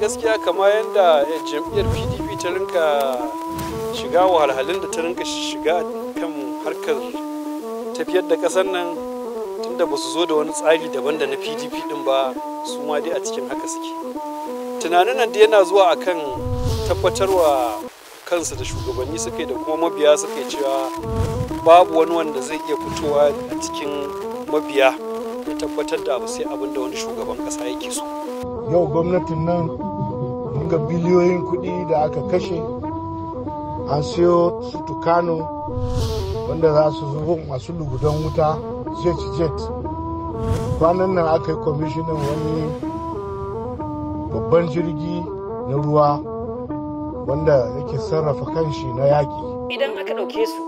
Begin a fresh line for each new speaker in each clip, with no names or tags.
gaskiya kama yadda eh, jam'iyyar pdp ta rinka shiga wahalhalun da ta rinka shiga kan harkar tafiyar da ƙasar nan wanda ba su zo da wani tsari daban da na pdp din ba su ma dai a cikin haka suke tunanin nan da yana zuwa akan tabbatarwa kansa da shugabanni suke da kuma mabiya suke cewa babu wani wanda zai iya fitowa a cikin mabiya ya tabbatar da abu sai abin da wani shugaban kasa yake so
yau gwamnatin nan ga biliyoyin kuɗi da aka kashe an siyo su tukano wanda za su zo masu lugudan wuta jet jet kwanan nan aka yi kwamishinan wani babban jirgi na ruwa wanda yake sarrafa kanshi na
yaƙi idan aka ɗauke su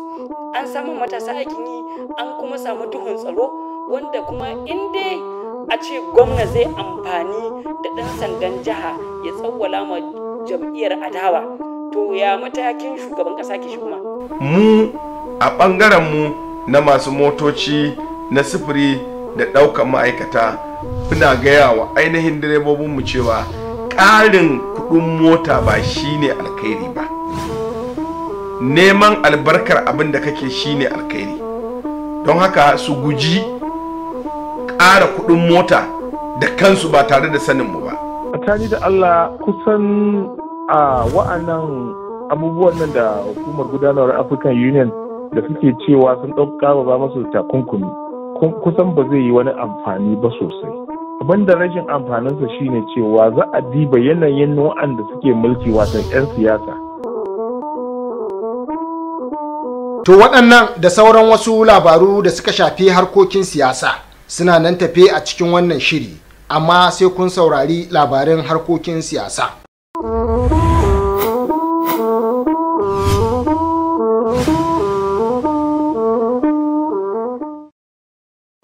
an samu matasa aikin yi an kuma samu duhun tsaro wanda kuma in dai a ce gwamna zai amfani da ɗan sandan jiha ya tsawwala ma jam'iyyar adawa to ya matakin shugaban ƙasa ke shi kuma
mu a ɓangaren mu na masu motoci na sufuri da ɗaukar ma'aikata muna gaya wa ainihin direbobinmu cewa ƙarin kuɗin mota ba shi ne alkhairi ba neman albarkar abin da kake ne alkhairi don haka su guji ƙara kuɗin mota da kansu ba tare da saninmu ba
a da allah kusan a wa'annan abubuwan nan da hukumar gudanarwar african union da suke cewa sun ɗauka ba masu takunkumi kusan ba zai yi wani amfani ba sosai abin da rashin amfaninsa shine cewa za a diba yanayin da suke mulki wasan 'yan siyasa
to waɗannan da sauran wasu labaru da suka shafi harkokin siyasa suna nan tafe a cikin wannan shiri amma sai kun saurari labarin harkokin siyasa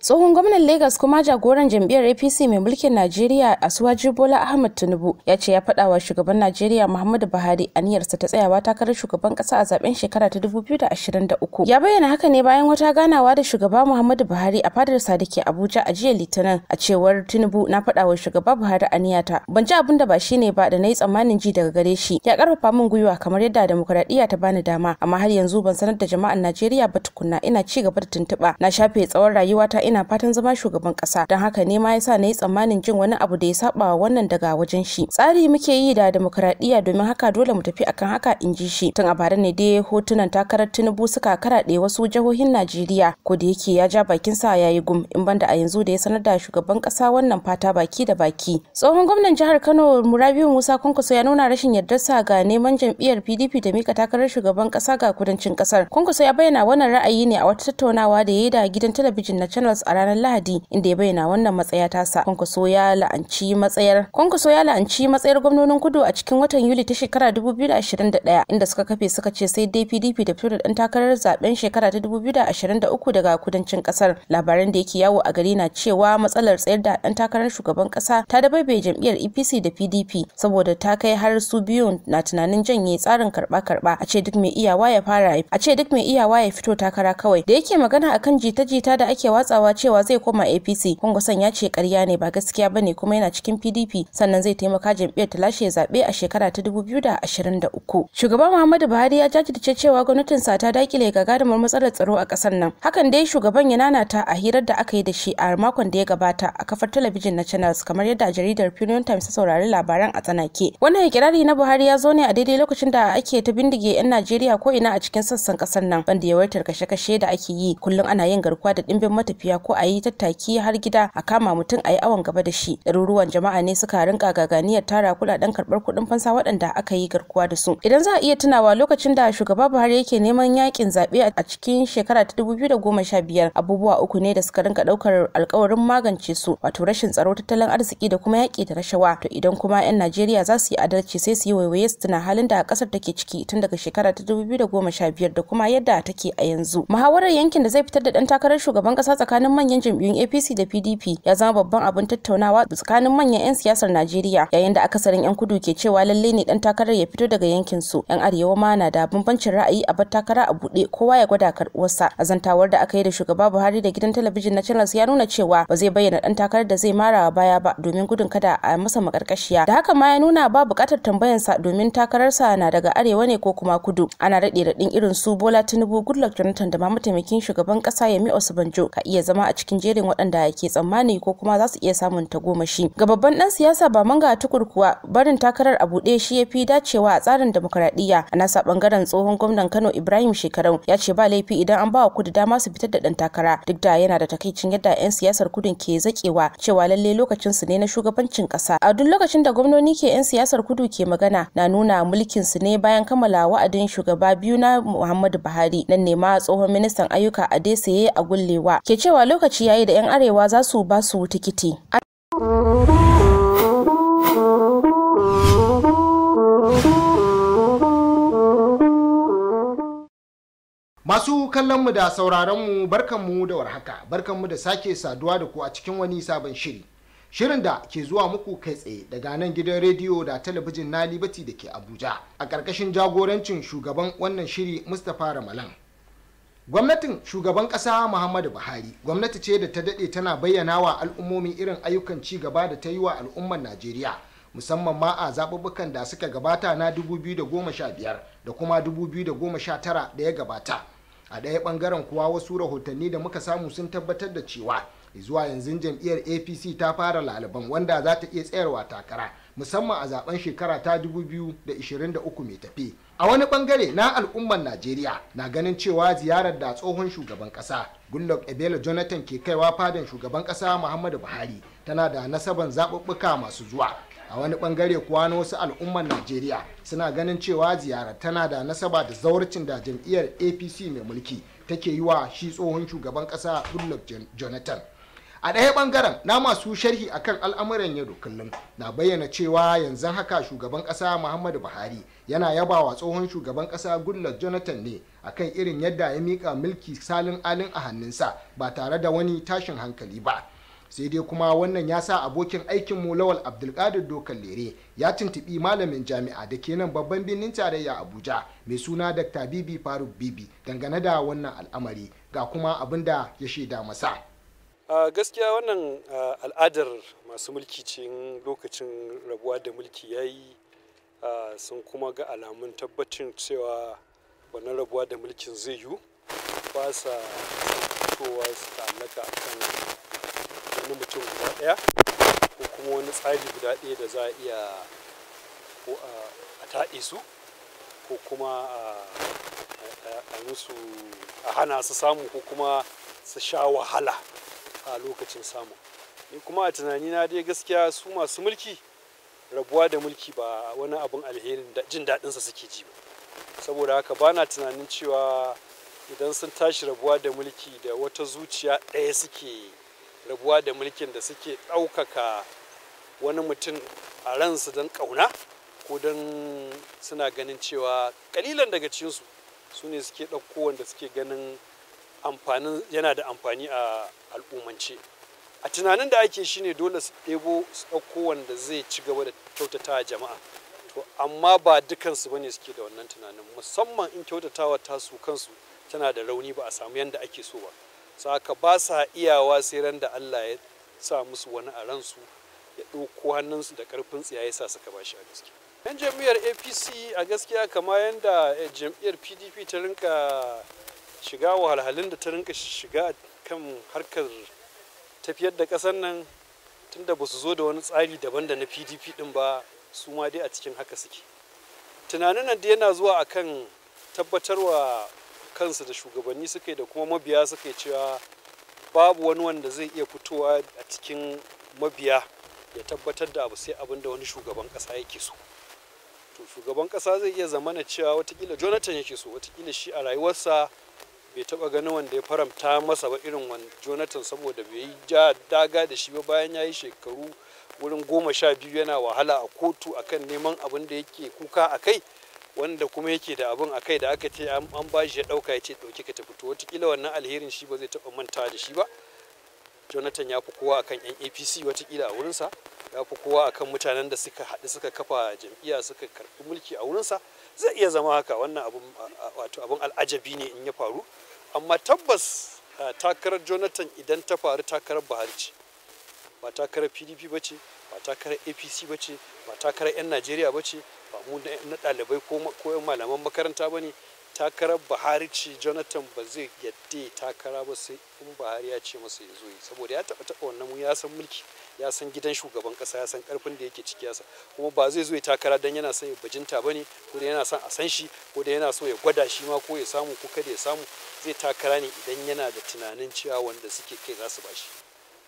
tsohon gwamnan lagos kuma jagoran jam'iyyar apc mai mulkin najeriya asuwaji bola ahmad tinubu ya ce ya faɗa wa shugaban najeriya muhammadu buhari aniyarsa ta tsayawa takarar shugaban ƙasa a zaben shekara ta 2023 ya bayyana haka ne bayan wata ganawa da shugaba muhammadu buhari a fadar ke abuja a jiya litinin a cewar tinubu na faɗa wa shugaba buhari aniyata ban ji abin da ba shine ba da na yi tsammanin ji daga gare shi ya karfafa min gwiwa kamar yadda demokuraɗiyya ta bani dama amma har yanzu ban sanar da jama'an najeriya ba tukunna ina ci gaba da tuntuɓa na shafe tsawon rayuwata ina yana fatan zama shugaban kasa don haka ne ma yasa na yi tsammanin jin wani abu da ya saba wa wannan daga wajen shi tsari muke yi da demokradiyya domin haka dole mu tafi akan haka in ji shi tun a bara ne dai hotunan takarar tinubu suka karaɗe wasu jihohin najeriya ko da yake ya ja bakin sa yayi gum in banda a yanzu da ya sanar da shugaban kasa wannan fata baki da baki tsohon gwamnan jihar kano murabiyu musa kwankwaso ya nuna rashin yarda sa ga neman jam'iyyar pdp da mika takarar shugaban kasa ga kudancin kasar kwankwaso ya bayyana wannan ra'ayi ne a wata tattaunawa da ya yi da gidan talabijin na channels a ranar Lahadi inda ya bayyana wannan matsaya tasa. Kwankwaso ya la'anci matsayar Kwankwaso ya la'anci matsayar gwamnonin kudu a cikin watan Yuli ta shekara 2021 inda suka kafe suka ce sai dai PDP da fito da dan takarar zaben shekara ta 2023 daga kudancin kasar. Labaran da yake yawo a gari na cewa matsalar tsayar da dan takarar shugaban kasa ta bai jam'iyyar EPC da PDP saboda ta kai har su biyun na tunanin janye tsarin karba-karba a ce duk mai iyawa ya fara a ce duk mai iyawa ya fito takara kawai da yake magana akan jita-jita da ake watsawa cewa zai koma apc kwankwason ya ce karya ne ba gaskiya bane kuma yana cikin pdp sannan zai taimaka jam'iyyar ta lashe zaɓe a shekara ta 2023 shugaban muhammadu buhari ya jajirce cewa gwamnatinsa ta dakile gagarumar matsalar tsaro a ƙasar nan hakan dai shugaban ya nanata a hirar da aka yi da shi a makon da ya gabata a kafar talabijin na channels kamar yadda jaridar premium times ta saurari labaran a tsanake wannan ikirari na buhari ya zo ne a daidai lokacin da ake ta bindige 'yan najeriya ko ina a cikin sassan ƙasar nan banda yawaitar kashe-kashe da ake yi kullum ana yin garkuwa da ɗimbin matafiya ko a yi tattaki har gida a kama mutum a yi awon gaba da shi ɗaruruwan jama'a ne suka rinka gaganiyar tara kuɗaɗen karɓar kuɗin fansa waɗanda aka yi garkuwa da su idan za a iya tunawa lokacin da shugaba buhari yake neman yakin zaɓe a cikin shekara ta sha biyar abubuwa uku ne da suka rinka ɗaukar alkawarin magance su wato rashin tsaro tattalin arziki da kuma yaƙi da rashawa to idan kuma 'yan najeriya za su yi adalci sai su yi waiwaye su tuna halin da ƙasar take ciki tun daga shekara ta biyar da kuma yadda take a yanzu muhawarar yankin da zai fitar da ɗan takarar shugaban ƙasa tsakanin manyan jam'iyyun APC da PDP ya zama babban abin tattaunawa tsakanin manyan 'yan siyasar Najeriya yayin da akasarin 'yan kudu ke cewa lalle ne dan takarar ya fito daga yankin su. 'Yan arewa ma na da bambancin ra'ayi a bar takara a bude kowa ya gwada karbuwarsa A zantawar da aka yi da shugaba Buhari da gidan talabijin na Channels ya nuna cewa ba zai bayyana dan takarar da zai mara baya ba domin gudun kada a masa makarkashiya. Da haka ma ya nuna ba buƙatar tambayansa domin takarar sa na daga arewa ne ko kuma kudu. Ana raɗe-raɗin irin su Bola Tinubu Goodluck Jonathan da ma mataimakin shugaban ƙasa Yemi Osibanjo ka iya zama a cikin jerin waɗanda ke tsammani ko kuma za su iya samun tagomashi ga babban dan siyasa ba manga tukur kuwa barin takarar a buɗe shi ya fi dacewa a tsarin demokaradiyya a nasa bangaren tsohon gwamnan kano ibrahim shekarau ya ce ba laifi idan an ba wa kudu dama su fitar da ɗan takara duk da yana da takaicin yadda 'yan siyasar kudun ke zakewa cewa lalle lokacinsu su ne na shugabancin ƙasa a duk lokacin da gwamnoni ke 'yan siyasar kudu ke magana na nuna mulkin su ne bayan kammala wa'adin shugaba biyu na muhammadu buhari nan ne ma tsohon ministan ayyuka a deseye a gullewa ke cewa lokaci yayi da 'yan arewa za su ba su tikiti
Masu kallon mu da barkan mu da warhaka, barkan mu da sake saduwa da ku a cikin wani sabon shiri. Shirin da ke zuwa muku kai tsaye daga nan gidan rediyo da talabijin na libati da ke Abuja, a ƙarƙashin jagorancin shugaban wannan shiri Mustapha Ramalan. gwamnatin shugaban ƙasa muhammadu buhari gwamnati ce da ta dade tana bayyana wa al'ummomi irin ayyukan ci gaba da ta yi wa al'ummar najeriya musamman ma a zaɓuɓɓukan da suka gabata na 2015 da kuma 2019 da ya gabata a ɗaya ɓangaren kuwa wasu rahotanni da muka samu sun tabbatar da cewa zuwa yanzu jam'iyyar apc ta fara laliban wanda za ta iya tsayarwa takara musamman a zaben shekara ta 2023 mai tafe a wani bangare na al'ummar najeriya na ganin cewa ziyarar da tsohon shugaban kasa goodluck ebele jonathan ke kaiwa fadan shugaban kasa muhammadu buhari tana da nasaban zaɓuɓɓuka masu zuwa a wani bangare kuwa na wasu al'ummar najeriya suna ganin cewa ziyarar tana da nasaba da zawarcin da jam'iyyar apc mai mulki take yi wa shi tsohon shugaban kasa gundog jonathan a ɗaya bangaren na masu sharhi akan al'amuran yau kullum na bayyana cewa yanzu haka shugaban ƙasa muhammadu buhari yana yabawa tsohon shugaban ƙasa goodluck jonathan ne akan irin yadda ya mika mulki salin alin a hannunsa ba tare da wani tashin hankali ba sai dai kuma wannan ya sa abokin aikin mu lawal abdulkadir dokan lere ya tuntubi malamin jami'a da ke nan babban birnin tarayya abuja mai suna dr bibi faruk bibi dangane da wannan al'amari ga kuma abin da ya shaida masa
a gaskiya wannan al'adar masu mulki ce lokacin rabuwa da mulki ya yi sun kuma ga alamun tabbacin cewa wannan rabuwa da mulkin zai yiwu ba sa kowa su ta'allaka a kan wani mutum guda ɗaya ko kuma wani tsari guda ɗaya da za a iya ko a taɗe su ko kuma a musu a hana su samu ko kuma su sha wahala a lokacin samu ni kuma a tunani na dai gaskiya su masu mulki rabuwa da mulki ba wani abin alherin jin daɗinsa suke ji ba saboda haka ba na tunanin cewa idan sun tashi rabuwa da mulki da wata zuciya ɗaya suke rabuwa da mulkin da suke ɗaukaka wani mutum a ransu don ƙauna ko don suna ganin cewa ƙalilan daga cinsu su ne suke ɗauko wanda suke ganin amfanin yana da amfani a al'ummance a tunanin da ake shine dole su ɗebo su ɗauko wanda zai ci gaba da kyautatawa jama'a to amma ba dukansu bane suke da wannan tunanin musamman in kyautatawa ta su kansu tana da rauni ba a samu yadda ake so ba saka ba sa iyawa sai ran da Allah ya sa musu wani a ransu ya ɗauko hannunsu da karfin tsiya ya sa suka bashi a gaskiya yan eh, jam'iyyar apc a gaskiya kama yadda jam'iyyar pdp ta rinka shiga wahalhalun da ta rinka shiga kan harkar tafiyar da ƙasar nan tunda ba su zo da wani tsari daban da na pdp din ba su ma dai a cikin haka suke tunanin nan da yana zuwa akan tabbatarwa kansu da shugabanni suke da kuma mabiya suke cewa babu wani wanda zai iya fitowa a cikin mabiya ya tabbatar da abu sai abin da wani shugaban kasa yake so to shugaban kasa zai iya zamana cewa watakila jonathan yake so watakila shi a rayuwarsa bai taba ganin wanda ya faramta masa ba irin wani jonathan saboda bai yi ja daga da shi ba bayan ya yi shekaru wurin goma sha biyu yana wahala a kotu akan neman abin da yake kuka a kai wanda kuma yake da abin a kai da aka ce an ba shi ya ɗauka ya ce dauki ka tafi to watakila wannan alherin shi ba zai taba manta da shi ba jonathan ya fi kowa akan yan apc watakila a wurinsa ya fi kowa akan mutanen da suka haɗu suka kafa jam'iyya suka karɓi mulki a wurinsa zai iya zama haka wannan abun al'ajabi ne in ya faru amma tabbas takarar jonathan idan ta faru takarar buhari ce ba takarar pdp ba ce ba takarar apc ba ce ba takarar 'yan najeriya ba ce ba mu na ɗalibai ko 'yan malaman makaranta ba ne takarar buhari ce jonathan ba zai yadda takara ba sai in buhari ya ce masa ya zo yi saboda ya taɓa taɓa wannan ya san mulki ya san gidan shugaban kasa ya san karfin da yake ciki yasa kuma ba zai zo ya takara dan yana son ya bajinta bane ko da yana son a san shi ko da yana so ya gwada shi ma ko ya samu ko kada ya samu zai takara ne idan yana da tunanin cewa wanda suke kai za su bashi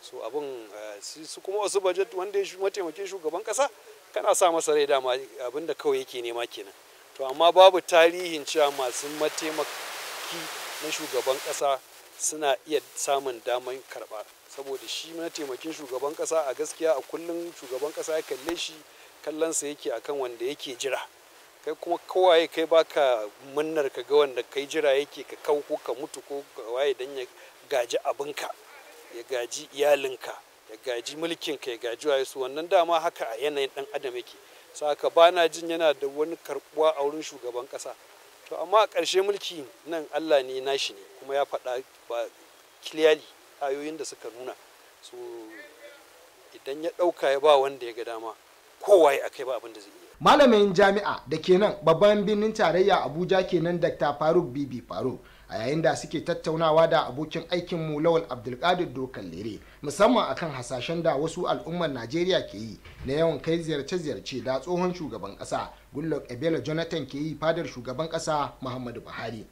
so abun eh, su kuma wasu budget wanda shi mataimakin shugaban kasa kana sa masa rai dama abinda kawai yake nema kenan to amma babu tarihin cewa masu mataimaki na shugaban kasa suna iya samun daman karɓa saboda shi na taimakin shugaban kasa a gaskiya a kullum shugaban kasa ya kalle shi kallonsa yake akan wanda yake jira kai kuma kawai kai baka munnar ka ga wanda kai jira yake ka kau ko ka mutu ko waye dan ya gaji abinka ya gaji iyalinka ya gaji mulkinka ya gaji waye su wannan dama haka a yanayin dan adam yake saka bana jin yana da wani karbuwa a wurin shugaban kasa to amma a karshe mulki nan Allah ne nashi ne kuma ya faɗa ba clearly ayoyin da suka nuna su idan ya ɗauka ya ba wanda ya ga dama kowa ya kai ba abin da zai yi.
malamin jami'a da kenan babban birnin tarayya abuja kenan dr faruk bibi faruk a yayin da suke tattaunawa da abokin aikin mu lawal abdulkadir dokan lere musamman akan hasashen da wasu al'ummar najeriya ke yi na yawan kai ziyarce-ziyarce da tsohon shugaban kasa gullok ebele jonathan ke yi fadar shugaban kasa muhammadu buhari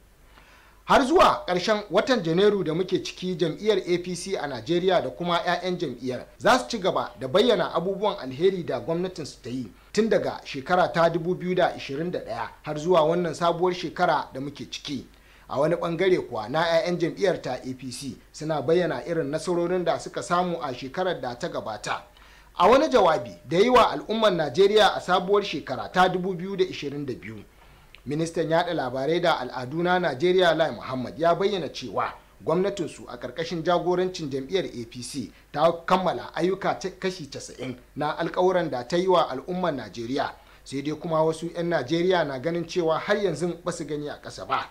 har zuwa ƙarshen watan janairu da muke ciki jam'iyyar apc a najeriya da kuma 'ya'yan jam'iyyar za su ci gaba da bayyana abubuwan alheri da gwamnatin su ta yi tun daga shekara ta 2021 har zuwa wannan sabuwar shekara da muke ciki a wani bangare kuwa na 'ya'yan jam'iyyar ta apc suna bayyana irin nasarorin da suka samu a shekarar da ta gabata a wani jawabi da yi wa al'ummar najeriya a sabuwar shekara ta 2022 ministan yada labarai da al'adu na najeriya lai muhammad ya bayyana cewa gwamnatinsu a ƙarƙashin jagorancin jam'iyyar apc ta kammala ayyuka kashi 90 na alkawuran da ta yi wa al'ummar najeriya sai dai kuma wasu 'yan najeriya na ganin cewa har yanzu ba su gani a ƙasa ba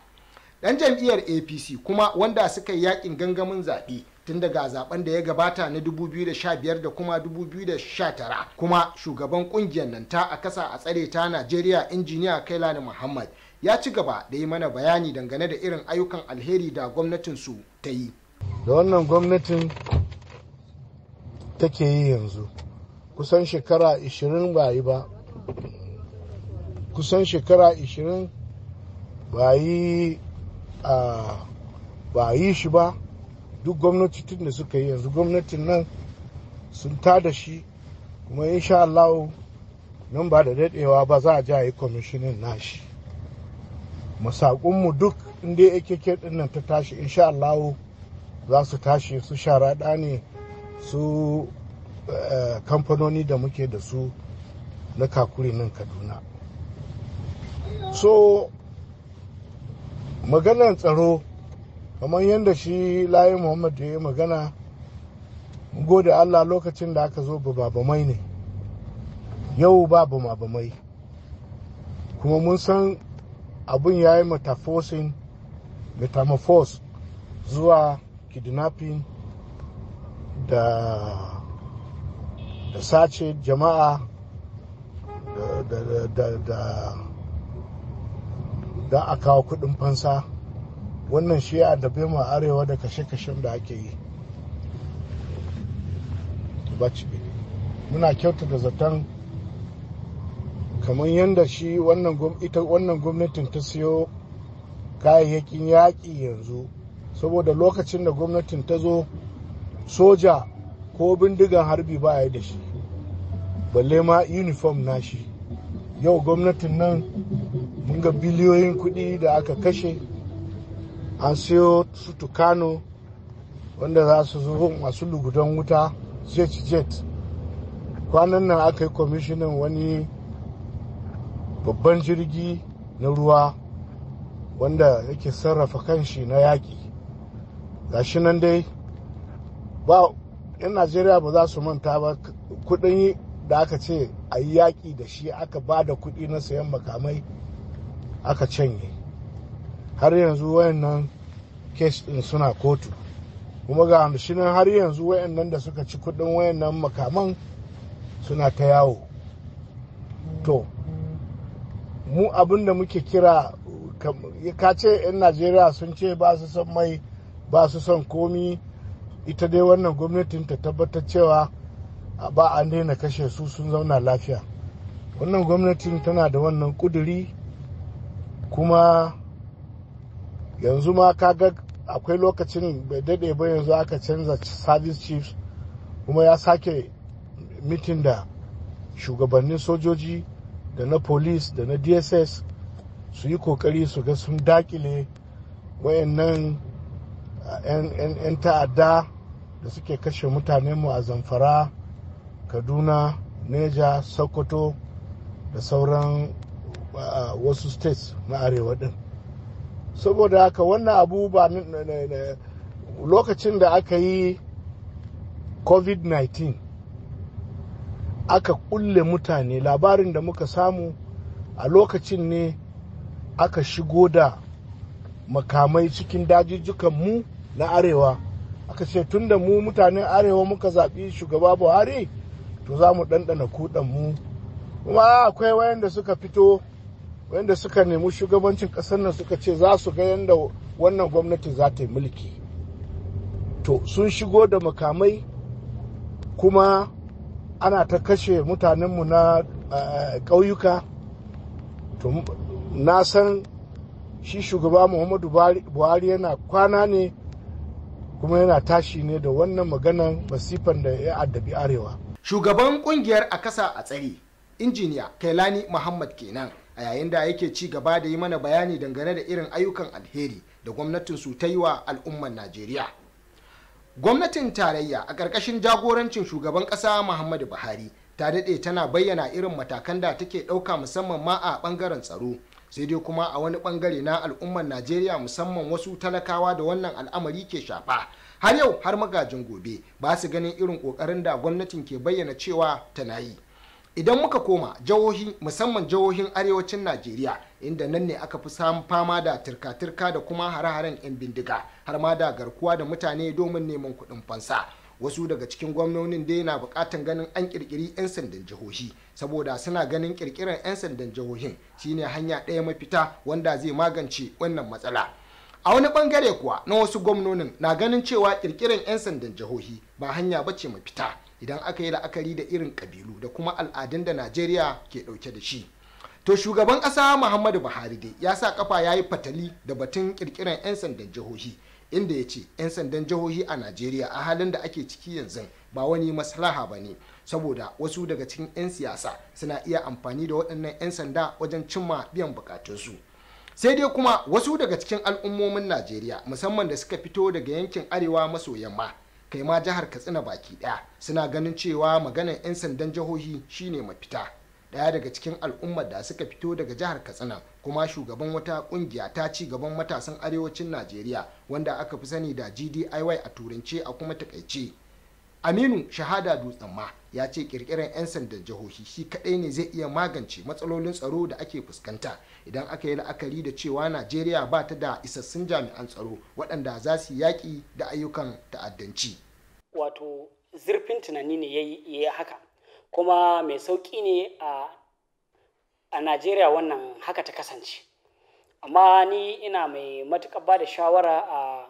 ɗan jam'iyyar apc kuma wanda suka yi yakin gangamin zaɓe tun daga zaben da ya gabata na 2015 da kuma 2019 kuma shugaban kungiyar nan ta a kasa a tsare ta najeriya injiniya kailani muhammad ya ci gaba da yi mana bayani dangane da irin ayyukan alheri da gwamnatin su ta yi
da wannan gwamnatin take yi yanzu kusan shekara 20 ba yi ba kusan shekara 20 ah, ba yi shi ba duk gwamnati tun da suka yi yanzu gwamnatin nan sun ta da shi kuma insha Allah nan ba da dadewa ba za a ji a yi kwamishinin nashi masakunmu duk inda ke din nan ta tashi insha Allah za su tashi su sharaɗa ne su eh, kamfanoni da muke da su na kakuri nan kaduna so maganar tsaro kamar yadda shi layi muhammad ya yi magana gode allah lokacin da aka zo ba mai ne yau ba mai kuma mun san abin ya yi metamorphosing metamorphose zuwa kidnapping da da sace jama'a da da da da da akawo kudin fansa wannan shi ya dabe mu arewa da kashe-kashen da ake yi muna kyauta da zaton kamar yadda shi wannan gwamnatin ta siyo kayayyakin yaƙi yanzu saboda lokacin da gwamnatin ta zo soja ko bindigan harbi ba yi da shi balle ma uniform na shi yau gwamnatin nan mun ga biliyoyin kuɗi da aka kashe an siyo su tukano wanda za su zo masu lugudan wuta jet jet kwanan nan aka yi kwamishinan wani babban jirgi na ruwa wanda yake sarrafa kanshi na yaƙi shi nan dai ba 'yan najeriya ba za su manta ba kudin da aka ce a yi yaƙi da shi aka ba da kudi na sayan makamai aka canye har yanzu wayannan kes din suna kotu kuma ga shi nan har yanzu wayannan da suka ci kudin wayannan makaman suna ta yawo to mu abin da muke kira ka ce 'yan najeriya sun ce ba su son mai ba su son komi ita dai wannan gwamnatin ta tabbatar cewa ba an daina kashe su sun zauna lafiya wannan gwamnatin tana da wannan kuduri kuma yanzu ma kaga akwai lokacin bai dade ba yanzu aka canza service chiefs kuma ya sake mitin da shugabannin sojoji da na police da na dss su yi kokari su ga sun dakile wayannan uh, 'yan ta'adda da suke kashe mu a zamfara kaduna neja sokoto da sauran uh, wasu states na arewa din saboda haka wannan abu ba lokacin da aka yi covid-19 aka kulle mutane labarin da muka samu a lokacin ne aka shigo da makamai cikin dajijjukan mu na arewa aka ce tun da mu mutane arewa muka zaɓi shugaba buhari to za mu ɗanɗana kuɗan mu kuma akwai wayanda suka fito wanda suka nemi shugabancin ƙasar nan suka ce za su ga yadda wannan gwamnati za ta yi mulki to sun shigo da makamai kuma ana ta kashe mutanenmu na eh, ƙauyuka to na san shi shugaba muhammadu buhari yana kwana ne kuma yana tashi ne da wannan maganan masifan da ya addabi arewa
shugaban kungiyar a kasa a tsare injiniya kailani muhammad kenan a yayin da yake ci gaba da yi mana bayani dangane da irin ayyukan alheri da gwamnatin su ta yi wa al'umman najeriya gwamnatin tarayya a ƙarƙashin jagorancin shugaban ƙasa muhammadu buhari ta daɗe tana bayyana irin matakan da take ɗauka musamman ma a ɓangaren tsaro sai dai kuma a wani ɓangare na al'umman najeriya musamman wasu talakawa da wannan al'amari ke shafa har yau har magajin gobe ba su ganin irin ƙoƙarin da gwamnatin ke bayyana cewa tana yi idan muka koma jihohi musamman jihohin arewacin najeriya inda nan ne aka fi samun fama da turka-turka da kuma hare-haren 'yan bindiga har ma da garkuwa da mutane domin neman kuɗin fansa wasu daga cikin gwamnonin dai na bukatan ganin an kirkiri 'yan sandan jihohi saboda suna ganin kirkirar 'yan sandan jihohin shine hanya ɗaya mafita wanda zai magance wannan matsala a wani bangare kuwa na wasu gwamnonin na ganin cewa kirkirar 'yan sandan jihohi ba hanya bace mafita idan aka yi la'akari da irin kabilu da kuma al'adun da najeriya ke dauke da shi to shugaban ƙasa muhammadu buhari dai ya sa kafa ya yi fatali da batun ƙirƙirar 'yan sandan jihohi inda ya ce 'yan sandan jihohi a najeriya a halin da ake ciki yanzu ba wani maslaha ba ne saboda wasu daga cikin 'yan siyasa suna iya amfani da waɗannan 'yan sanda wajen cimma biyan bukatunsu sai dai kuma wasu daga cikin al'ummomin najeriya musamman da suka fito daga yankin arewa maso yamma kai ma jihar katsina baki daya suna ganin cewa maganar 'yan sandan jihohi shine mafita daya daga cikin al'ummar da suka fito daga jihar katsina kuma shugaban wata kungiya ta ci gaban matasan arewacin najeriya wanda aka fi sani da gdiy a turance a kuma takaice aminu shahada dutsen ma ya ce kirkirar 'yan sandan jihohi shi kadai ne zai iya magance matsalolin tsaro da ake fuskanta idan aka yi la'akari da cewa najeriya ba ta da isassun jami'an tsaro waɗanda za su yaƙi da ayyukan ta'addanci
wato zurfin tunani ne ya yi haka kuma mai sauƙi ne a najeriya wannan haka ta kasance amma ni ina mai matuƙar ba da shawara a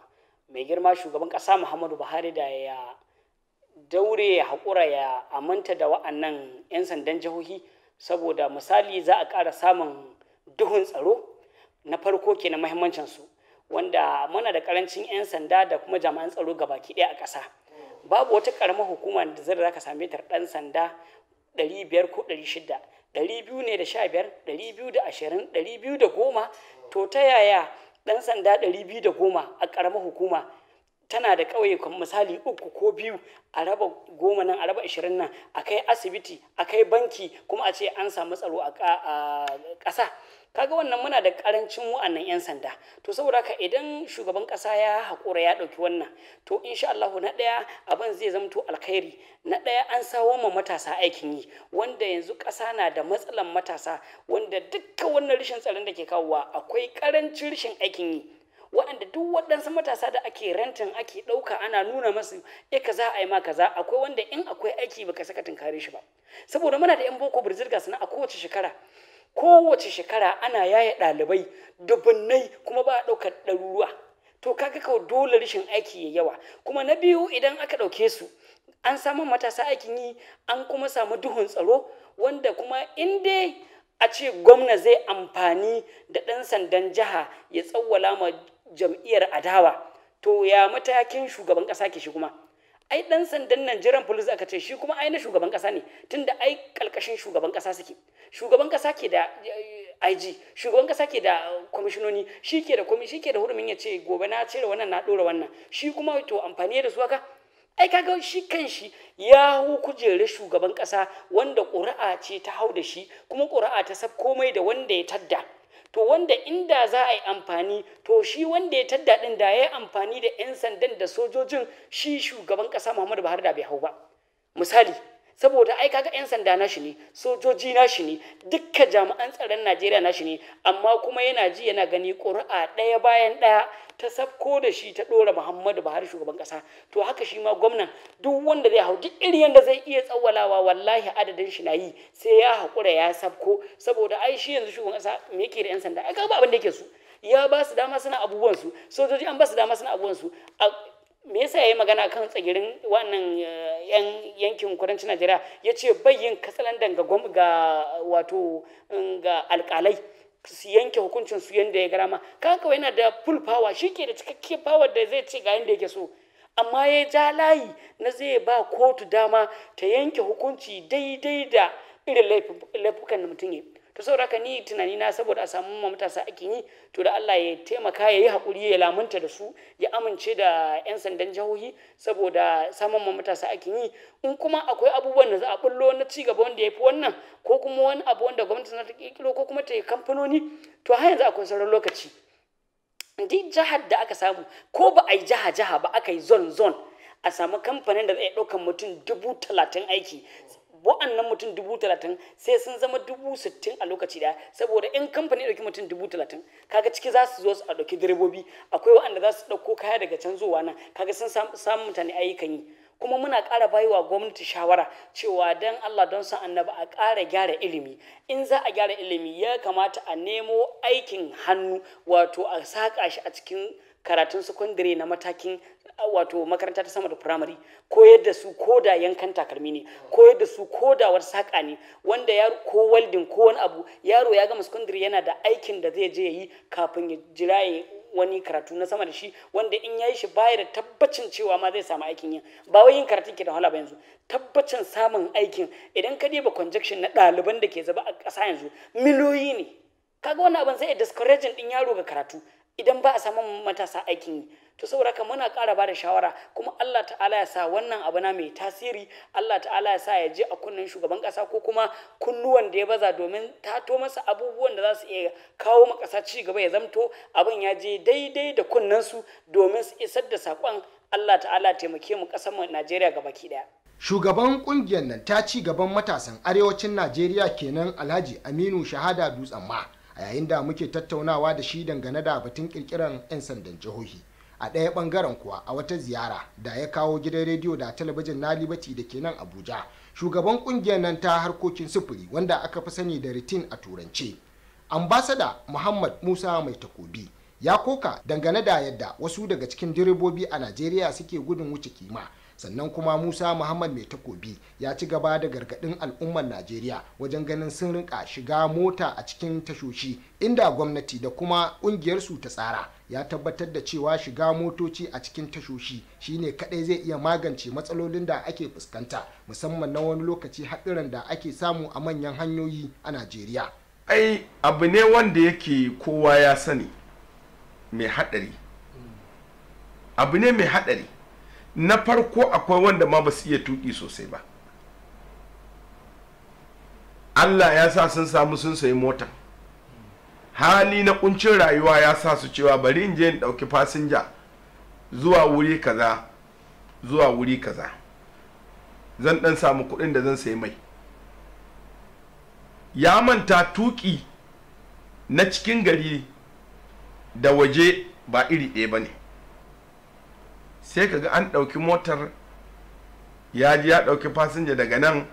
mai girma shugaban ƙasa muhammadu buhari da ya daure ya haƙura ya aminta da wa'annan 'yan sandan jihohi saboda misali za a ƙara samun duhun tsaro na farko ke na mahimmancinsu wanda mana da karancin 'yan sanda da kuma jami'an tsaro ga baki ɗaya a ƙasa babu wata ƙaramar hukuma da zai za ka same ta ɗan sanda 500 ko 600 200 ne da 15 200 220 210 to ta yaya ɗan sanda 210 a ƙaramar hukuma tana da ƙauye misali uku ko biyu a raba goma nan a raba ashirin nan a kai asibiti a kai banki kuma a ce an samu tsaro a ƙasa kaga wannan muna da karancin wa'annan 'yan sanda to saboda haka idan shugaban ƙasa ya haƙura ya ɗauki wannan to insha Allah na ɗaya abin zai zamto alkhairi na ɗaya an sawo ma matasa aikin yi wanda yanzu ƙasa na da matsalan matasa wanda dukkan wannan rashin tsaron da ke kawowa akwai ƙarancin rashin aikin yi waɗanda duk waɗansu matasa da ake rentin ake ɗauka ana nuna masu e kaza a yi ma kaza akwai wanda in akwai aiki ba ka saka tunkare shi ba saboda muna da yan boko birzirga suna a kowace shekara kowace shekara ana yaya ɗalibai dubunnai kuma ba a ɗaukar ɗaruruwa to kaga kawai dole rashin aiki ya yawa kuma na biyu idan aka ɗauke su an samu matasa aikin yi an kuma samu duhun tsaro wanda kuma in dai a ce gwamna zai amfani da ɗan sandan jiha ya tsawwala ma jam'iyyar adawa to ya matakin shugaban kasa ke shi kuma ai dan sandan nan jiran police aka ce shi kuma ai na shugaban kasa ne tunda ai kalkashin shugaban kasa suke shugaban kasa ke da eh, IG shugaban kasa ke da kwamishinoni shi ke da kwamishi ke da hurumin ya ce gobe na cire wannan na dora wannan shi kuma to amfani da su haka ai kaga shi kanshi ya hu kujerar shugaban kasa wanda ƙuri'a ce ta hau da shi kuma ƙuri'a ta sab komai da wanda ya tadda to wanda inda za a yi amfani to shi wanda ya tadda din da ya yi amfani da 'yan sandan da sojojin shi shugaban ƙasa muhammadu buhari da bai hau ba misali saboda ai kaga yan sanda nashi ne sojoji nashi ne dukkan jami'an tsaron Najeriya nashi ne amma kuma yana ji yana gani ƙuri'a ɗaya bayan ɗaya ta sabko da shi ta ɗora Muhammadu Buhari shugaban ƙasa to haka shi ma gwamnan duk wanda zai hau duk iri yanda zai iya tsawalawa wallahi adadin shi na yi sai ya haƙura ya sabko saboda ai shi yanzu shugaban ƙasa me yake da yan sanda ai kaga ba abin da yake su ya ba su dama suna abubuwan su sojoji an ba su dama suna abubuwan su me yasa ya yi magana kan tsagirin wannan eh, yan yankin kudancin najeriya ya ce bayyin katsalandan ga ga wato mm, ga alkalai su yanke hukuncin su yanda ya gara ma kawai yana da full power shi ke da cikakken power da zai ce ga yanda yake so amma ya ja layi na zai ba kotu dama ta yanke hukunci daidai da irin laifukan da mutum ya to saboda haka ni tunani na saboda a samu ma matasa ake yi to da Allah ya taimaka ya yi hakuri ya lamunta da su ya amince da yan sandan jihohi saboda samun matasa ake yi in kuma akwai abubuwan da za a bullo na ci gaba wanda ya fi wannan ko kuma wani abu wanda gwamnati na ta kirkiro ko kuma ta yi kamfanoni to har yanzu akwai sauran lokaci duk jihar da aka samu ko ba a yi jiha jiha ba aka yi zon zon a samu kamfanin da zai ɗaukan mutum dubu talatin aiki wa'annan mutum dubu talatin sai sun zama dubu sittin a lokaci daya saboda in kamfani ɗauki mutum dubu talatin kaga ciki za su zo su a ɗauki direbobi akwai wa'anda za su ɗauko kaya daga can zuwa nan kaga sun samu mutane ayyukan yi kuma muna ƙara baiwa gwamnati shawara cewa don Allah don san annaba a ƙara gyara ilimi in za a gyara ilimi ya kamata a nemo aikin hannu wato a saƙa shi a cikin karatun sakandare na matakin wato makaranta ta sama da firamare koyar da su ko da yankan takalmi ne koyar da su ko da war saƙa ne wanda yaro ko welding ko wani abu yaro ya gama secondary yana da aikin da zai je ya yi kafin ya jira wani karatu na sama da shi wanda in ya yi shi baya da tabbacin cewa ma zai samu aikin yin ba wai yin karatu ke da wahala ba yanzu tabbacin samun aikin idan ka ba conjunction na ɗaliban da ke zaba a ƙasa yanzu miliyoyi ne kaga wani abin sai discouraging din yaro ga karatu idan ba a samu matasa aikin yi to saboda haka muna ƙara ba shawara kuma Allah ta'ala ya sa wannan abu na mai tasiri Allah ta'ala ya sa ya je a kunnen shugaban ƙasa ko kuma kunnuwan da ya baza domin tato masa abubuwan da za su iya kawo ma ƙasa ci gaba ya zamto abin ya je daidai da su domin su isar da sakon Allah ta'ala taimake mu ƙasar mu Najeriya ki ɗaya.
Shugaban ƙungiyar nan ta ci gaban matasan arewacin Najeriya kenan Alhaji Aminu Shahada Dutsen ma a yayin da muke tattaunawa da shi dangane da batun ƙirƙirar 'yan sandan jihohi. a ɗaya ɓangaren kuwa a wata ziyara da ya kawo gidan rediyo da talabijin na libati da ke nan abuja shugaban ƙungiyar nan ta harkokin sufuri wanda aka fi sani da ritin a turance ambasada muhammad musa mai takobi ya koka dangane da yadda wasu daga cikin direbobi a najeriya suke gudun wuce kima sannan kuma musa muhammad mai takobi ya ci gaba da gargadin al'ummar najeriya wajen ganin sun rinka shiga mota a cikin tashoshi inda gwamnati da kuma kungiyar su ta tsara ya tabbatar da cewa shiga motoci a cikin tashoshi shine kadai zai iya magance matsalolin da ake fuskanta musamman na wani lokaci haɗuran da ake samu a manyan hanyoyi a najeriya
ai abu ne wanda yake kowa ya sani mai haɗari mm. abu ne mai haɗari na farko akwai wanda ma ba su iya tuki sosai ba allah ya sa sun samu sun sayi mota hali na kuncin rayuwa ya sa su cewa bari in je in ɗauki fasinja zuwa wuri kaza zuwa wuri kaza zan ɗan samu kuɗin da zan sayi mai ya manta tuki na cikin gari da waje ba iri ɗaya ba ne sai ka ga an ɗauki motar ya ji ya ɗauki fasinja daga nan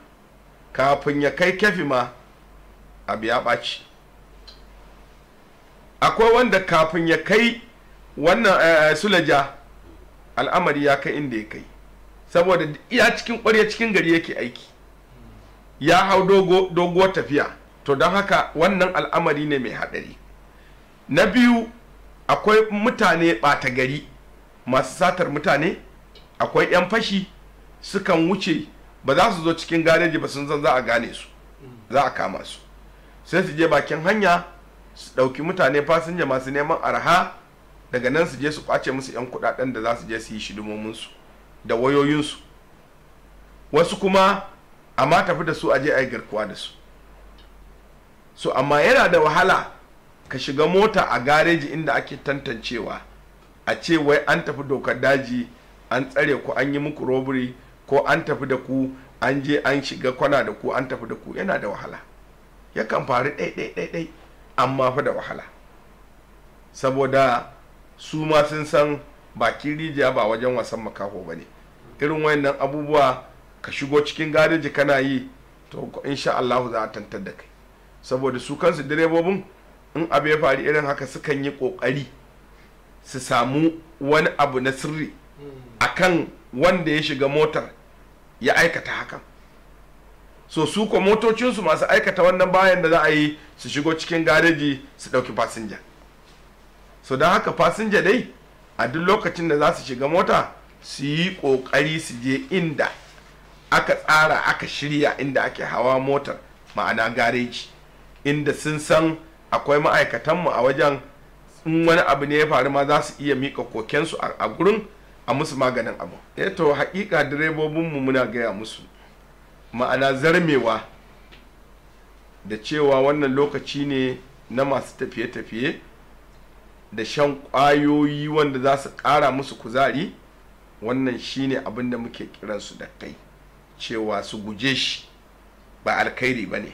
kafin ya kai kefi ma abu ya ɓaci akwai wanda kafin ya kai wannan eh, eh, sulaja al'amari ya kai inda ya kai saboda iya cikin ƙwarya cikin gari yake aiki ya hau doguwar tafiya to don haka wannan al'amari ne mai haɗari na biyu akwai mutane ɓata gari masu satar mutane akwai 'yan fashi sukan wuce ba za su zo cikin gareji ba sun zan za a gane su za a kama su sai su je bakin hanya su ɗauki mutane fasinja masu neman arha daga nan su je su kwace musu 'yan kudaden da za su je su yi shidimominsu da wayoyinsu wasu kuma a ma tafi da su a je a yi garkuwa da su so amma yana da wahala ka shiga mota a gareji inda ake tantancewa a ce wai an tafi dokar daji an tsare ku an yi muku robbery ko an tafi da ku an je an shiga kwana da ku an tafi da ku yana da wahala yakan faru ɗai-ɗai-ɗai amma fa da wahala saboda su ma sun san bakin rijiya ba wajen wasan makaho ba ne irin wayannan abubuwa ka shigo cikin gareji kana yi to insha Allah za a tantar da kai saboda su kansu direbobin in abu ya faru irin haka sukan yi kokari su samu wani abu na sirri hmm. a kan wanda ya shiga motar ya aikata hakan so su ko motocinsu masu aikata wannan bayan da za a yi su shigo cikin gareji su ɗauki fasinja so don haka fasinja dai a duk lokacin da za su shiga mota su yi ƙoƙari su je inda aka tsara aka shirya inda ake hawa motar ma'ana gareji inda sun san akwai ma'aikatanmu a wajen in wani abu ne ya faru ma za su iya mika kokensu a gurin a musu maganin abu eh to hakika direbobinmu muna gaya musu ma'ana zarmewa da cewa wannan lokaci ne na masu tafiye-tafiye da shan ƙwayoyi wanda za su ƙara musu kuzari wannan shine abin da muke kiransu da kai cewa su guje shi ba alkhairi ba ne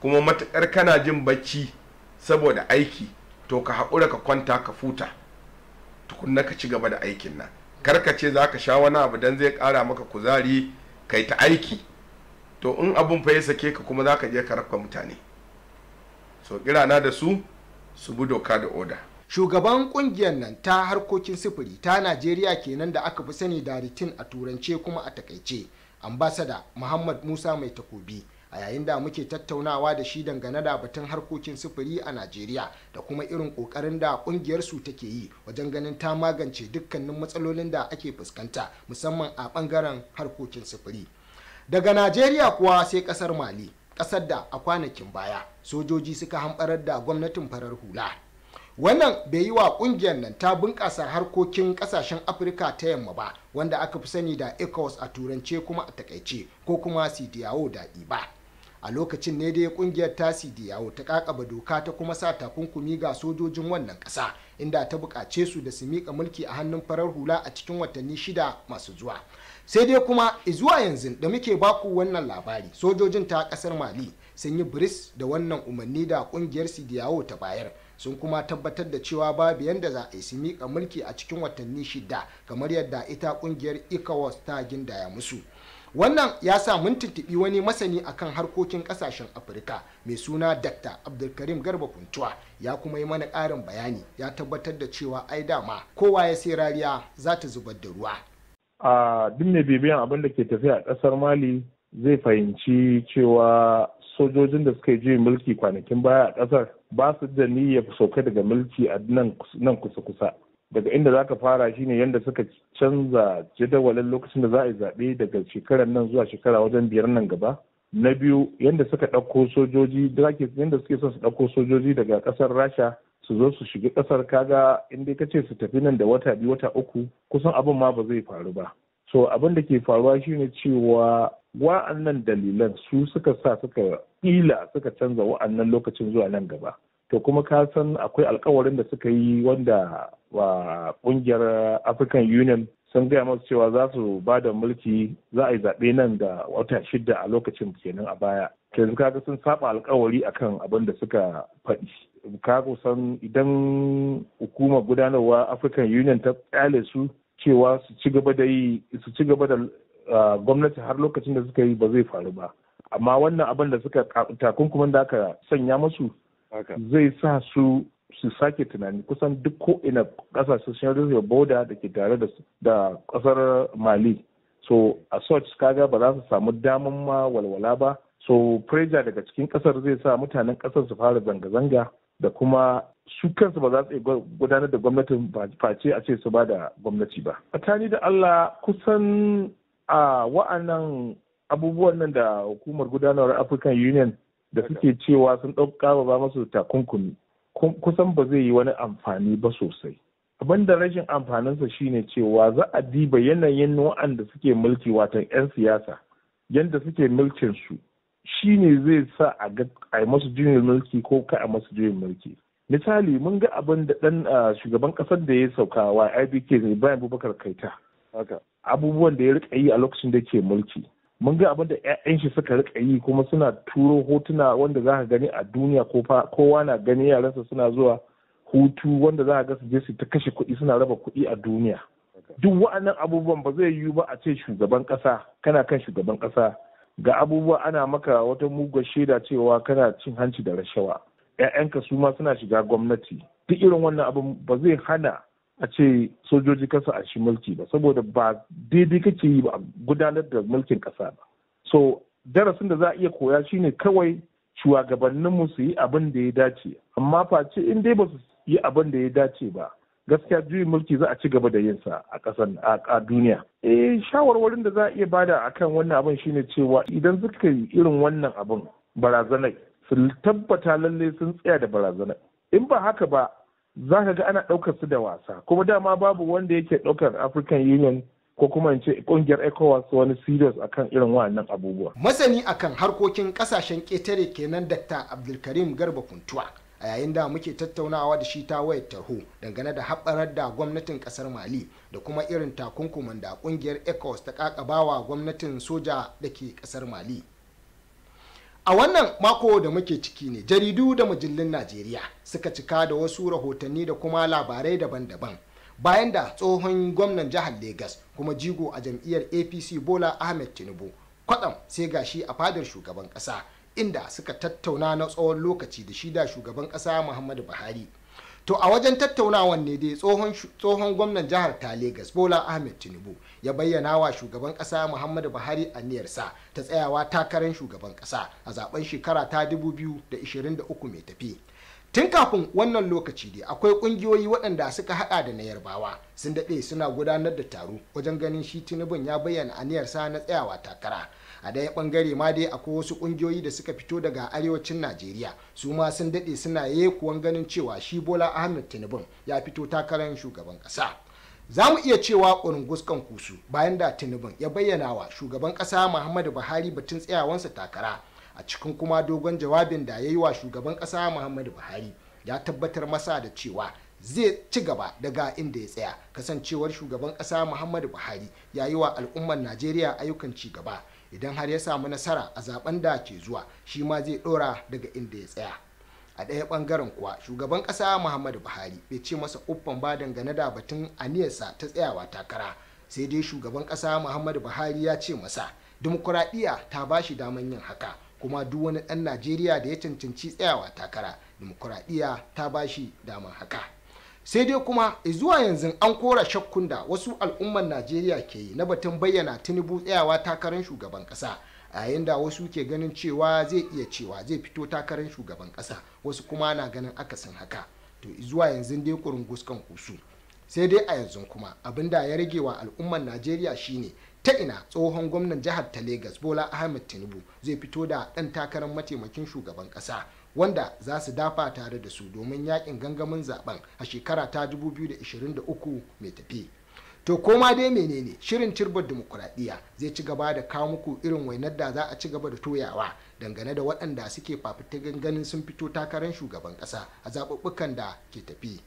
kuma matuƙar kana jin bacci saboda aiki to ka haƙura ka kwanta ka futa tukunna ka ci gaba da aikin nan karka ce za ka sha wani abu don zai ƙara maka kuzari kai ta aiki to in abin fa ya sake ka kuma za ka je ka rafa mutane
so kirana da
su su bi doka da oda
shugaban kungiyar nan ta harkokin sifiri ta najeriya kenan da aka fi sani da ritin a turance kuma a takaice ambasada muhammad musa mai takobi a yayin da muke tattaunawa da shi dangane da batun harkokin sufuri a najeriya da kuma irin kokarin da kungiyar su take yi wajen ganin ta magance dukkanin matsalolin da ake fuskanta musamman a bangaren harkokin sufuri daga najeriya kuwa sai kasar mali kasar da a kwanakin baya sojoji suka hamɓarar da gwamnatin farar hula wannan bai yi wa kungiyar nan ta bunƙasa harkokin ƙasashen afirka ta yamma ba wanda aka fi sani da ecowas a turance kuma a takaice ko kuma cdao da iba a lokacin ne dai kungiyar tasi da yawo ta kakaba doka ta kuma sa takunkumi ga sojojin wannan kasa inda ta bukace su da su miƙa mulki a hannun farar hula a cikin watanni shida masu zuwa sai dai kuma zuwa yanzu da muke baku wannan labari sojojin ta kasar mali sun yi biris da wannan umarni da kungiyar sidiyawo ta bayar sun kuma tabbatar da cewa babu yadda za a yi su miƙa mulki a cikin watanni shida kamar yadda ita kungiyar ecowas ta gindaya musu wannan ya sa mun tuntuɓi wani masani akan harkokin ƙasashen afirka mai suna dr abdulkarim garba kuntuwa ya kuma yi mana ƙarin bayani ya tabbatar da cewa ai dama kowa ya sai rariya za ta zubar da ruwa
a duk mai bibiyan abin da ke tafiya a ƙasar mali zai fahimci cewa sojojin da suka yi juyin mulki kwanakin baya a ƙasar ba su da niyyar sauka daga mulki a nan kusa-kusa daga inda za ka fara shine yadda suka canza jadawalin lokacin da za a yi zaɓe daga shekarar nan zuwa shekara wajen biyar nan gaba na biyu yadda suka ɗauko sojoji yadda suke son su ɗauko sojoji daga ƙasar rasha su zo su shiga ƙasar kaga inda ka ce su tafi nan da wata biyu wata uku kusan abin ma ba zai faru ba so abin da ke faruwa shine cewa wa'annan dalilan su suka sa suka ƙila suka canza wa'annan lokacin zuwa nan gaba to kuma ka san akwai alkawarin da suka yi wanda wa kungiyar african union sun gaya masu cewa za su ba da mulki za a yi zaɓe nan da wata shida a lokacin kenan a baya yanzu kaga sun saba alkawari akan abin da suka faɗi ka san idan hukumar gudanarwa african union ta tsale su cewa su ci gaba da yi su ci gaba da gwamnati har lokacin da suka yi ba zai faru ba amma wannan abin da suka takunkumin da aka sanya musu zai sa su su sake tunani kusan duk ko ina kasashen sun rufe boda da ke tare da kasar mali so a such kaga ba za su samu daman ma walwala ba so pressure daga cikin kasar zai sa mutanen kasar su fara zanga-zanga da kuma su kansu ba za su gudanar da gwamnatin face a ce su ba da gwamnati ba. tani da Allah kusan a wa'annan abubuwan nan da hukumar gudanarwar African Union da suke cewa sun ɗauka ba masu takunkumi kusan ba zai yi wani amfani ba sosai abin da rashin amfaninsa shine cewa za a diba yanayin wa'anda suke mulki watan 'yan siyasa yadda suke mulkin su shine zai sa a yi masu juyin mulki ko ka a masu juyin mulki misali mun ga abin da dan shugaban ƙasar da ya sauka wa ibk ibrahim abubakar kaita abubuwan da ya rika yi a lokacin da ke mulki mun ga abin da 'ya'yan shi suka rika yi kuma suna turo hotuna wanda za ka gani a duniya kowa na gani yaransa suna zuwa hutu wanda za ka ga su je su ta kashe kuɗi suna raba kuɗi a duniya duk wa'annan abubuwan ba zai yiwu ba a ce shugaban ƙasa kana kan shugaban ƙasa ga abubuwa ana maka wata mugun shaida cewa kana cin hanci da rashawa 'ya'yanka su ma suna shiga gwamnati duk irin wannan abin ba zai hana a ce sojoji kasa a shi mulki ba saboda ba daidai kake yi ba gudanar da mulkin kasa ba so darasin da za a iya koya shine kawai shugabanninmu su yi abin da ya dace amma face in dai ba su yi abin da ya dace ba gaskiya juyin mulki za a ci gaba da yinsa a ƙasar a duniya. Eh shawarwarin da za a iya bada akan wannan abin shine cewa idan suka yi irin wannan abin barazanai su tabbata lalle sun tsaya da barazanai. In ba haka ba za ka ga ana ɗaukar su da wasa kuma dama babu wanda yake ɗaukar african union ko kuma in ce kungiyar ecowas wani serious akan irin wannan abubuwa masani
akan harkokin kasashen ƙetare kenan dr abdulkarim garba kuntuwa a yayin da muke tattaunawa da shi ta wayar tarho dangane da haɓarar da gwamnatin ƙasar mali da kuma irin takunkuman da ƙungiyar ecowas ta ƙaƙabawa gwamnatin soja da ke ƙasar mali a wannan mako da muke ciki ne jaridu da mujallin najeriya suka cika da wasu rahotanni da kuma labarai daban-daban bayan da tsohon gwamnan jihar Legas kuma jigo a jam'iyyar apc bola ahmed tinubu kwatsam sai gashi a fadar shugaban kasa inda suka tattauna na tsawon lokaci da shida shugaban kasa muhammadu buhari to a wajen tattaunawan ne dai tsohon gwamnan jihar ta Legas Bola Ahmed Tinubu ya bayyana wa shugaban kasa Muhammadu Buhari a aniyarsa ta tsayawa takarar shugaban kasa a zaben shekara ta 2023 mai tafi. Tun kafin wannan lokaci dai akwai kungiyoyi waɗanda suka haɗa da na yarbawa sun daɗe suna gudanar da taro wajen ganin shi tinubun ya bayyana a aniyarsa na tsayawa takara a daya bangare ma dai akwai wasu kungiyoyi da suka fito daga arewacin najeriya su ma sun dade suna kuwan ganin cewa shi bola ahmed tinubu ya fito takarar shugaban kasa za mu iya cewa ƙurunguskan kusu bayan da tinubu ya bayyana wa shugaban kasa muhammadu buhari batun tsayawansa takara a cikin kuma dogon jawabin da ya yi wa shugaban kasa muhammadu buhari ya tabbatar masa da cewa zai ci gaba daga inda ya tsaya kasancewar shugaban kasa muhammadu buhari ya yi wa al'ummar najeriya ayyukan ci gaba idan har ya samu nasara a zaben da ke zuwa shi ma zai dora daga inda ya tsaya a ɗaya ɓangaren kuwa shugaban ƙasa muhammadu buhari bai ce masa uffan ba dangane da batun aniyarsa ta tsayawa takara sai dai shugaban ƙasa muhammadu buhari ya ce masa dimokuraɗiyya ta ba shi daman yin haka kuma duk wani ɗan najeriya da ya cancanci tsayawa takara dimokuraɗiyya ta ba shi daman haka sai dai kuma zuwa yanzu an kora shakkun da wasu al'umman najeriya ke yi na batun bayyana tinubu tsayawa takarar shugaban kasa yayin da wasu ke ganin cewa zai iya cewa zai fito takarar shugaban kasa wasu kuma na ganin akasin haka to zuwa yanzu dai kurin guskan kusu sai dai a yanzu kuma abin da ya rage wa al'umman najeriya shine ta ina tsohon gwamnan jihar ta Legas Bola Ahmed Tinubu zai fito da ɗan takarar mataimakin shugaban ƙasa wanda za su dafa tare da su domin yakin gangamin zaben a shekara ta 2023 mai tafi. to koma dai menene shirin cirbar dimokuraɗiyya zai ci gaba da kawo muku irin wainar da za a ci gaba da toyawa dangane da waɗanda suke fafitigan ganin sun fito takarar shugaban ƙasa a zaɓuɓɓukan da ke tafi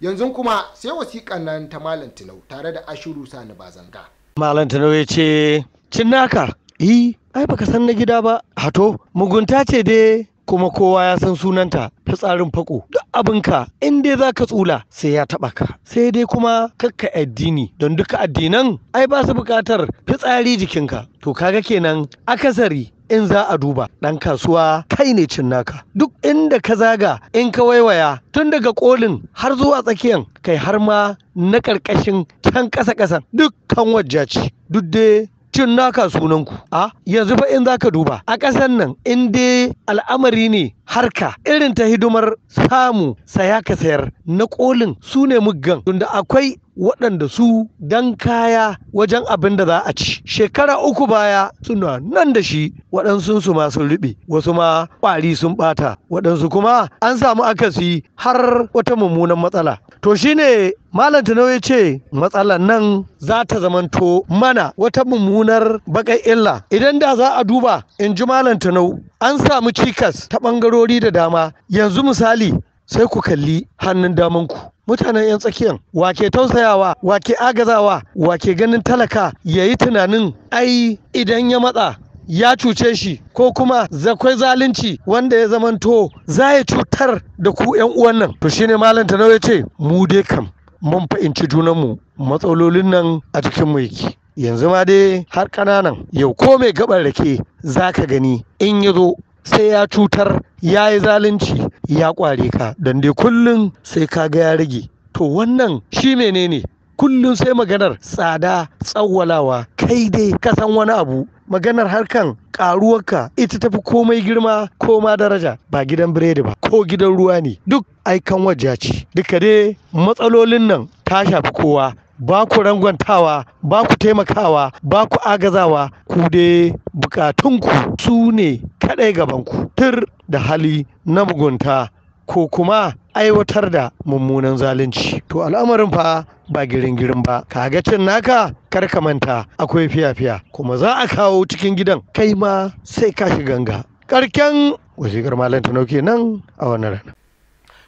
yanzu kuma sai wasiƙan nan ta malam tinau tare da ashiru sani bazanga
Malam Tano ce, Cin naka, yi, eh, ai baka san na gida ba, hato, mugunta ce dai kuma kowa ya san sunanta fitsarin faƙo duk abinka in dai za ka tsula sai ya taɓa ka sai dai kuma kakka addini don duka addinan ai ba su buƙatar fitsari jikinka to kaga kenan akasari in za a duba ɗan kasuwa kai ne cin naka duk inda ka zaga in ka waiwaya tun daga kolin har zuwa tsakiyan kai har ma na ƙarƙashin can ƙasa-ƙasan dukkan wajja ce duk dai cin naka sunanku a yanzu fa in zaka duba a ƙasan nan in dai al'amari ne harka irin ta hidimar samu saya ka sayar na kolin su ne muggan tunda akwai waɗanda su dan kaya wajen abin da za a ci shekara uku baya suna nan da shi waɗansu su ma sun ruɓe wasu ma ƙwari sun ɓata waɗansu kuma an samu akasi har wata mummunan matsala to shine Malam Tinau ya ce matsalar nan za ta zamanto mana wata mummunar baƙar illa idan da za a duba in ji Malam Tinau an samu cikas ta ɓangarori da dama yanzu misali sai ku kalli hannun damanku mutanen 'yan tsakiyan wake tausayawa wake agazawa wake ganin talaka ya yi tunanin ai idan ya matsa ya cuce shi ko kuma zakwai zalunci wanda ya zamanto za ya cutar da ku 'yan uwan nan to shine malam ta ya ce mu dai kam mun fahimci junanmu matsalolin nan a cikin mu yake yanzu ma dai har ƙananan yau ko mai gabar rake za ka gani in ya zo sai ya cutar ya yi zalunci ya ƙware ka don dai kullum sai ka ga ya rage to wannan shi menene kullum sai maganar tsada tsawwalawa kai dai ka san wani abu maganar harkan karuwarka ita tafi komai girma ko ma daraja ba gidan biredi ba ko gidan ruwa ne duk aikan wajja ce duka dai matsalolin nan ta shafi kowa ba ku rangwantawa ba ku taimakawa ba ku agazawa ku dai bukatunku su ne kaɗai gabanku tur da hali na mugunta ko kuma aiwatar da mummunan zalunci to al'amarin fa ba girin-girin ba kaga cin naka kar ka manta akwai fiya-fiya kuma za a kawo cikin gidan kai ma sai ka shi ganga
karken
wasikar malam tinau kenan a wannan
rana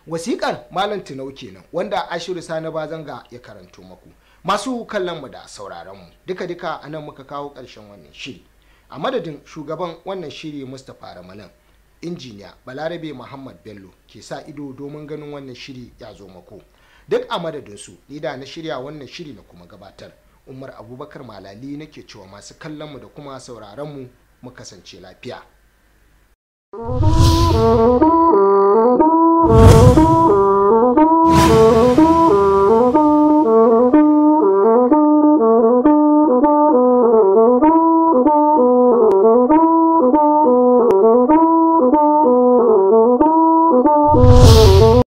wasikar malam tinau kenan wanda ashiru sani ba Zanga ya karanto maku masu kallon mu da sauraron mu duka-duka anan muka kawo ƙarshen wannan shiri a madadin shugaban wannan shiri mustapha ramalan injiniya balarabe muhammad bello ke sa ido domin ganin wannan shiri ya zo mako duk a madadinsu ni da na shirya wannan shiri na kuma gabatar umar abubakar malali nake cewa masu kallon mu da kuma sauraron mu mu kasance lafiya